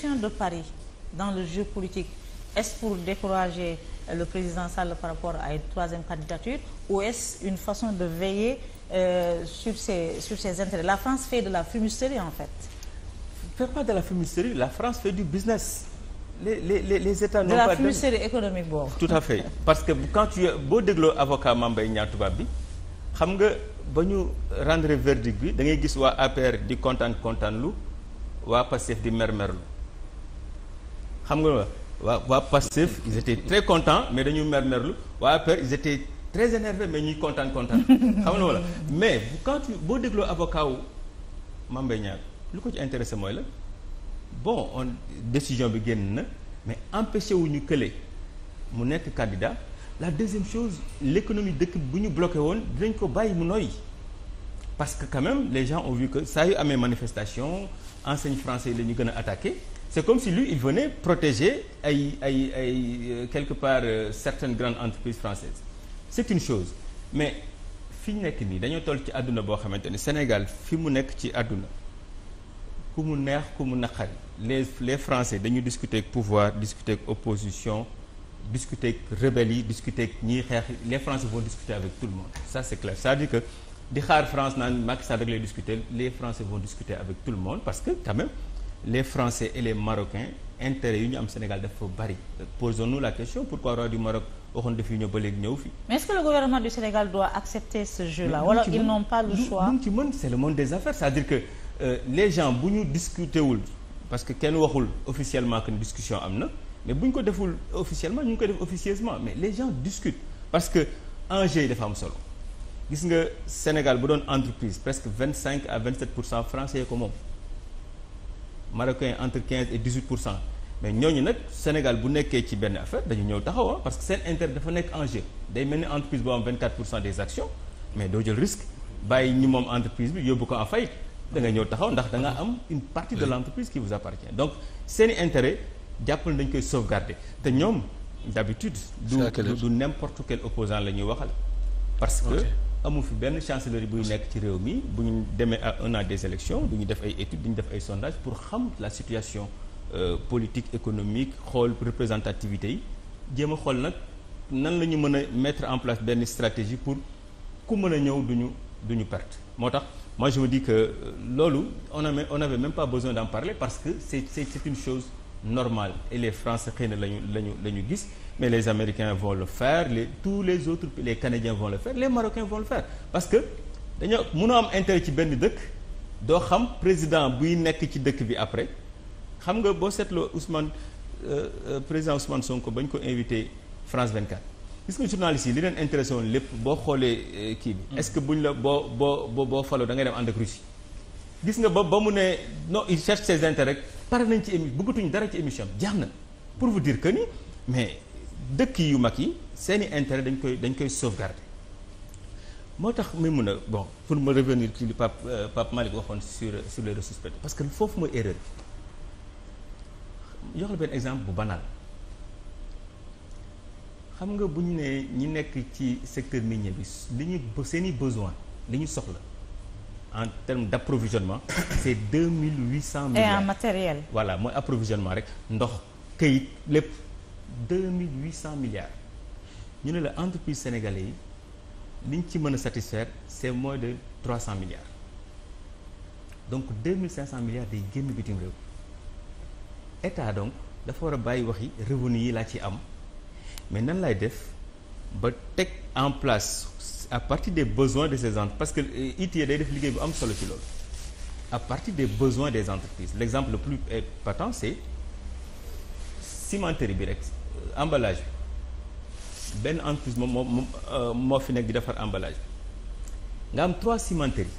chien de Paris dans le jeu politique est-ce pour décourager le président Sall par rapport à une troisième candidature ou est-ce une façon de veiller euh, sur ses sur ses intérêts la France fait de la fumisterie en fait. fait pas de la fumisterie la France fait du business. les les les, les états n'ont pas de la fumisterie économique tout à fait parce que quand boo dégloo avocat Mame Mbaye tubaab bi xam nga ba ñu rendre verdict bi da ngay gis waa APR di kontaan kontaan lu waa Pastef di mermerlu xam nga waa waa Pastef ils étaient très contents mais dañu mer merlu waa APR ils étaient très énervés mais ñuy kontaan kontaan xam nga wala mais quand boo dégloo avocat wu Mame Mbaye Niang lu ko ci intéressé mooy la bon décision bi génn na mais empêché wuñu kële mu nekk candidat la deuxième chose l'économie dëkk bu ñu bloqué woon dinañ ko bàyyi mu noyyi parce que quand même les gens ont vu que saa yu amee manifestation enseigne français la ñu gën a attaqué c'est comme si lu il venait protéger ay ay ay euh, quelque part euh, certaines grandes entreprises françaises c'est une chose mais fi ñu nekk nii dañoo toll ci àdduna boo xamante ni Sénégal fi mu nekk ci àdduna ku mu neex ku mu naqari les les Français dañu discuté ak pouvoir discuter ak opposition discuter ak rebelles yi discuter ak ñiy xeex les Français vont discuter avec tout le monde ça c'est clair cest dire que di xaar France naan Macky Sall rek lay discuter les Français vont discuter parce que quand les Français et les Marocains intérêt yu ñu am Sénégal dafa bari posons-nous la question pourquoi roi du Maroc waxoon daf yu ñëw ba léegi ñëw fi mais est-ce que le gouvernement du Sénégal doit accepter ce jeu là wala ils n'ont pas le choix lu ci mën c'est le monde des affaires cest dire que euh, les gens bu ñu discuter parce que kenn waxul officiellement que discussion am na mais bu ñu ko deful officiellement ñu ngi ko def officieusement mais les gens discutent parce que enjeu yi am solo gis nga Sénégal bu doon entreprise presque vingt cinq à vingt pour cent français ko moom marocains entre quinze et dix-huit pour cent mais ñooñu nag Sénégal bu nekkee ci benn affaire dañu ñëw taxaw ah, parce que seen intérêt dafa nekk en jeu day mel ni entreprise boo am vingt-quatre pour cent des actions mais doo jël risque bàyyi ñi moom entreprise bi yóbbu ko en faillite da nga ñëw taxaw ndax danga am une partie de l'entreprise qui vous appartient donc seeni intérêt jàppal dañ koy sauvegarder te ñoom d'habitude du du n'importe quel opposant la ñuy waxal parce que amul fi benn chancellerie buy nekk ci réew mi bu ñu demee à un an des élections du def ay études du ñu def ay sondages pour xam la situation euh, politique économique xool représentativité yi jéem a xool nag nan la ñu mën a mettre en place benn stratégie pour ku mën a ñëw duñu duñu perte moo tax moi je me dis que euh, loolu on a on avait même pas besoin d'en parler parce que c'est c'est c'est une chose normale et les Français xëy na lañu lañu la ñu gis mais les Américains vont le faire les tous les autres les Canadiens vont le faire les Marocains vont le faire parce que dañoo mënoo am intérêt ci benn dëkk doo xam président buy nekk ci dëkk bi après xam nga boo seetloo Ousmane euh, euh, président Ousmane Sonko bañ ko invité France 24 gis nga journalistes yi li leen intéressé woon lépp boo xoolee euh, kii bi. est-ce que buñ la boo boo boo faloo da ngay dem ànd ak Russie. gis nga ba ba mu ne no il cherche ses rek pare nañ ci émi bëggatuñ dara ci émission jeex na pour vous que mais. dëkk yu mag yi seeni intérêt dañ koy dañ koy sauvegarder moo tax muy mun a bon pour ma revenir ci li Pape euh, Pape waxoon sur sur les ressources pétrolières parce que foofu mooy erreur bi jox benn exemple bu banal xam nga bu ñu nee ñi nekk ci secteur minier bi li ñu seeni besoin li ñu soxla en termes d' approvisionnement c' est deux mille huit cent milliards et en matériel. voilà mooy approvisionnement rek ndox këyit lépp. deux mille huit cent milliards ñu ne la entreprise sénégalais yi liñ ci mën a satisfaire c'est moins de trois cent milliards donc deux mille cinq cent milliards day génn bitim réew état donc dafa war a bàyyi waxi revenu yi laa ci am mais nan lay def ba teg en place à partir des besoins de ces entreprises parce que euh, ITIE day def liggéey bu am solo ci loolu à partir des besoins des entreprises l'exemple le plus patent c'est cimenterie bi rek emballage bi benn entreprise moom moom euh, moo fi nekk di defar emballage nga am trois cimenteries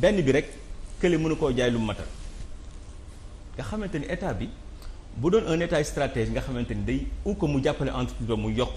benn bi rek kële mënu koo jaay lu matal nga xamante ni état bi bu doon un état stratège nga xamante ni day ou que mu jàppale entreprise ba mu yokk.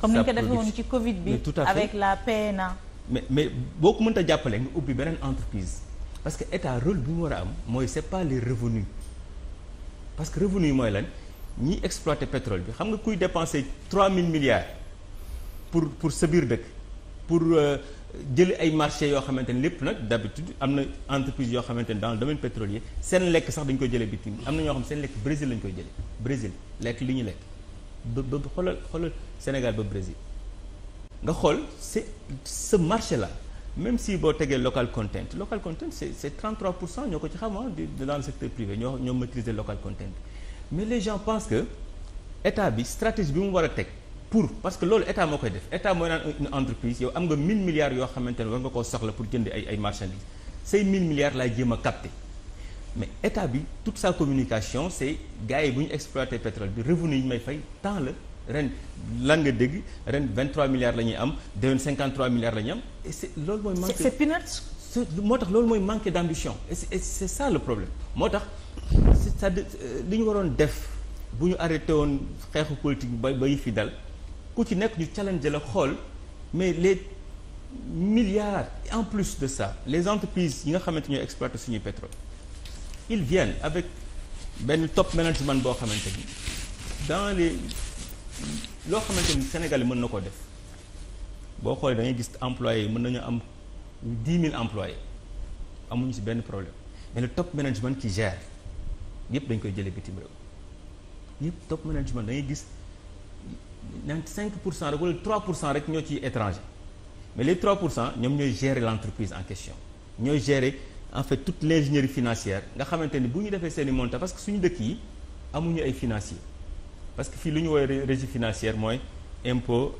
comme ni ñu ko defee woon ci Covid bi tout à fait avec la PNA. mais mais boo ko mënta jàppale nga ubbi beneen entreprise parce que état rôle bi mu war a am mooy c'est pas parce que revenu yi mooy lan ñiy exploiter pétrole bi xam nga kuy dépenser mille milliards pour pour sa biir dëkk pour euh, jëli ay marché yoo xamante ne lépp nag d'habitude am na entreprise yoo xamante ne dans le domaine pétrolier seen lekk sax dañ koy jëlee bitim am na ñoo xam seen lekk Brésil lañ koy jëlee Brésil lekk li ñu lekk ba ba xoolal xoolal Sénégal ba Brésil nga xool c'est ce marché la même si boo tegee local content local content c'est c'est 33 pour cent ñoo ko ci xam ah dans le secteur privé ñoo ñoo local content mais les gens pensent que état bi stratégie bi mu war a teg pour parce que loolu état moo koy def état mooy naan une entreprise yow am nga 1000 milliards yoo xamante ne war nga koo soxla pour jënd ay ay marchandises say 1000 milliards laay jéem a mais état bi tout sa communication c'est gars yi bu ñu exploiter pétrole bi revenu ñu may fay tant la. ren lan nga dégg ren 23 milliards la ñuy am déwén 53 milliards la am et c'est loolu mooy manque c'est peanuts moo tax loolu mooy manque d'ambition et c'est ça le problème moo tax c'est-à-dire euh, li ñu waroon def bu ñu arrêté woon xeexu politique ba ba yi fi dal ku ci nekk ñu challenge la xool mais les milliards en plus de ça les entreprises yi nga xamante ñooy exploité suñuy pétrole ils viennent avec benn top management boo xamante ni dans les loo xamante ni Sénégal yi mën na koo def boo xoolee da gis employés yi mën nañu am dix mille employés amuñu ci benn problème mais le top management qui gère yëpp dañ koy jëlee bitim réew yëpp top management da ngay gis naan cinq pour cent rek wala trois pour cent rek ñoo ci étranger mais les trois pour cent ñoom ñooy gérer l'entreprise en question ñooy gérer en fait toute l'ingénierie financière nga xamante ni bu ñu defee seen i montant parce que suñu dëkk yi amuñu ay financiers. parce que fii lu ñu woowee régie financière mooy impôt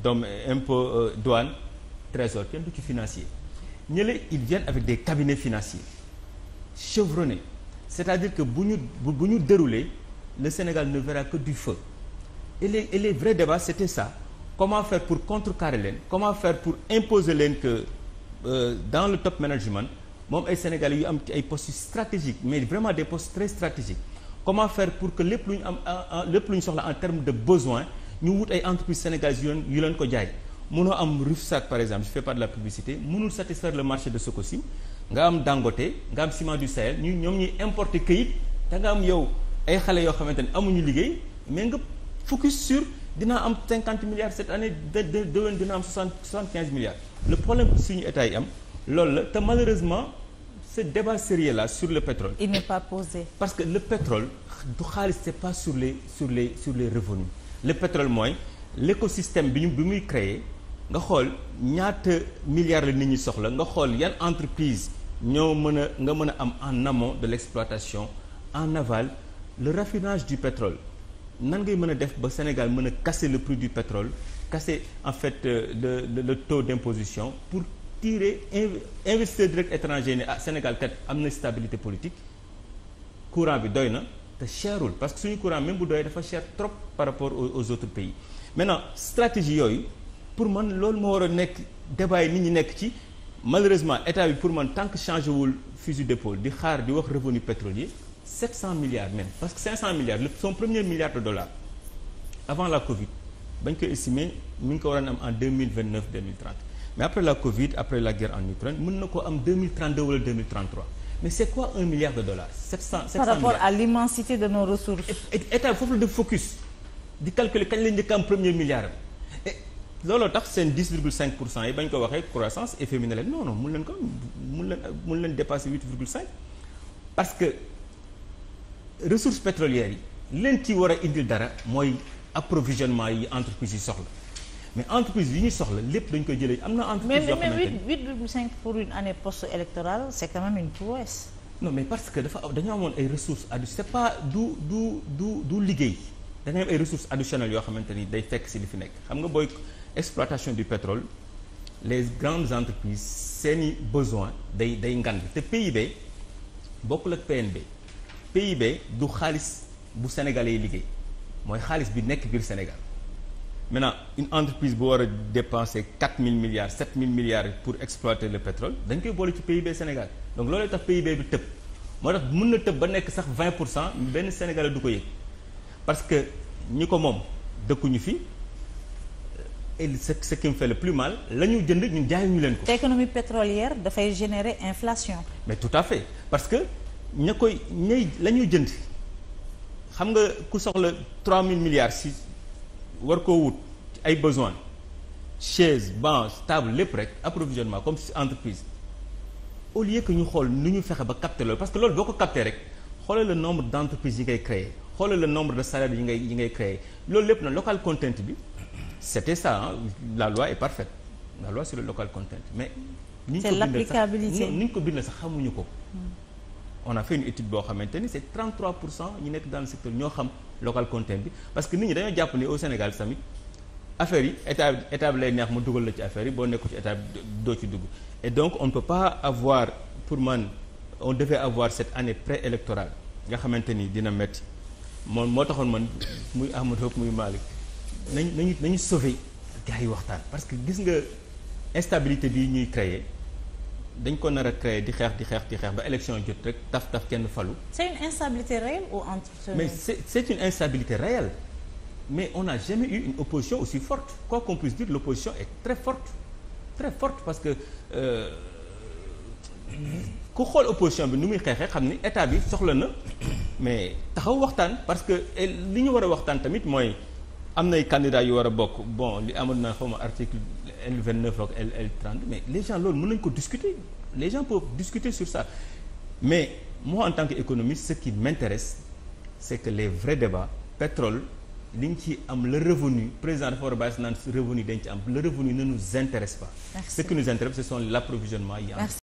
dom impôt euh, douane trésor kenn du ci financier ñële ils viennent avec des cabinets financiers chevronnés c'est-à-dire que bu ñu bu ñu dérouler le Sénégal ne verra que du feu et les et les vrais débats c'était ça comment faire pour contre contrecarrer leen comment faire pour imposer leen que euh, dans le top management moom ay Sénégalais yu am ci ay post stratégiques mais vraiment des post très stratégiques comment faire pour que lépp lu ñu am euh, euh, lépp lu ñu soxla en termes de besoin ñu wut ay entreprises sénégalaises yu leen yu leen ko jaay mënoo am Rufsac par exemple je fais pas de la publicité mënul satisfaire le marché de Sococim nga am Dangote nga am Ciment du Sahel ñu ñoom ñuy importer këyit da nga am yow ay xale yoo xamante ne amuñu liggéey mais nga focus sur dina am cinquante milliards cette année de de déwén dina am soixante soixante quinze milliards. le problème suñu état yi am la te ce débat sérieux là sur le pétrole. il n'est pas posé. parce que le pétrole du xaalis c'est pas sur les sur le sur les revenus le pétrole mooy l'écosystème bi ñu bi muy créer nga xool ñaata milliards la nit ñi soxla nga xool yan entreprise ñoo mën a nga mën a am en amont de l'exploitation en aval le raffinage du pétrole nan ngay mën a def ba Sénégal mën a casser le prix du pétrole casser en fait de euh, le taux d'imposition pour tirer investisseur direct étranger ne ah Sénégal kat am na stabilité politique courant bi doy na te cherul parce que suñu courant même bu doy dafa cher trop par rapport aux autres pays maintenant stratégie yooyu pour man loolu moo war a nekk débat yi nit ñi nekk ci malheureusement état bi pour man tant que changé wul fusil d'épaule di xaar di wax revenu pétrolier 700 milliards même parce que 500 milliards son premier milliard de dollars avant la Covid bañ ko estimé mi ngi ko waroon am en mais après la Covid après la guerre en Ukraine mën na ko am 2032 wala 2033 mais c'est quoi un milliard de dollars 700 700 par rapport à l'immensité de nos ressources état foofu la def focus di calculer kañ la njëkk am premier milliard looloo tax seen 10 virgule 5 pour cent yi bañ ko waxee croissance efféminée leen non non mun leen ko mun leen mun leen dépasser 8 virgule 5 parce que ressources pétrolières yi leen ci war a indil dara mooy approvisionnement yi entreprise yi soxla mais entreprise yi ñu soxla lépp dañ koy jëlee am na entreprise yoo xamante mais mais cinq pour une année post-électorale c'est quand même une mais parce que dafa aw dañoo amoon ay ressources additionnelles c'est pas du du du liggéey da ay ressources additionnelles yoo xamante ni day fekk si li fi nekk xam nga booy exploitation du pétrole les grandes entreprises seeni besoin day day ngand te PIB bokkul ak PNB PIB du xaalis bu sénégalais liggéey mooy xaalis bi nekk biir Sénégal mais maintenant une entreprise bu war a dépenser mille milliards sept mille milliards pour exploiter le pétrole dañ koy boole ci PIB Sénégal donc loolooy tax PIB bi tëb moo tax mën na tëb ba nekk sax vingt pour cent benn Sénégalais du ko yëg parce que ñi ko moom dëkkuñu fi euh, et ce ce fait le plus mal la ñu jënd ñun jaayuñu leen ko. économie pétrolière dafay générer inflation. mais tout à fait parce que ña koy ñay la ñuy jënd xam nga ku soxla trois mille milliards si. war koo wut ci ay besoin chaise banc table lépp rek approvisionnement comme si entreprise au lieu ñu xool nu ñu fexe ba capter loolu parce que loolu boo ko capter rek xoolal le nombre d' entreprises yi ngay créer xoolal le nombre de salariés yi ngay yi ngay créer loolu lépp na local content bi c' était ça la loi est parfaite la loi sur le local content mais. ni ñu ko bindee sax ko bindee sax xamuñu ko. Hmm. on a fait étude boo xamante ni c' est 33 pour cent ñu nekk dans le ñoo xam. local content bi parce que nit ñi dañoo jàpp ni au Sénégal tamit affaire yi état état bi lay neex mu dugal la ci affaire yi boo nekku ci état doo ci dugg et donc on peut pas avoir pour man on devait avoir cette année préélectorale nga xamante ni dina métti moom moo taxoon man muy Amadou Hop muy Malick nañ nañu nañu sauver gars yi waxtaan parce que gis nga instabilité bi ñuy créer dañ ko nar a créer di xeex di xeex di xeex ba élection jot rek taf taf kenn falu. c'est une instabilité réelle ou entretenue. mais c'est c'est une instabilité réelle mais on n'a jamais eu une opposition aussi forte quoi qu'on puisse dire l'opposition est très forte très forte parce que euh, ku xool opposition bi nu muy xeexee xam ni état bi soxla na mais taxaw waxtaan parce que li ñu war a waxtaan tamit mooy. am na candidats yu war a bokk bon li amoon na xawma article L vingt neuf ak L L trente mais les gens loolu mën nañ ko discuter les gens peuvent discuter sur ça mais moi en tant qu'économiste ce qui m'intéresse c'est que les vrais débats pétrole li nga ci am le revenu président dafa war a bàyyi si naan revenu dañ ci am le revenu ne nous intéresse pas Merci. ce qui nous intéresse ce sont l'approvisionnement yi am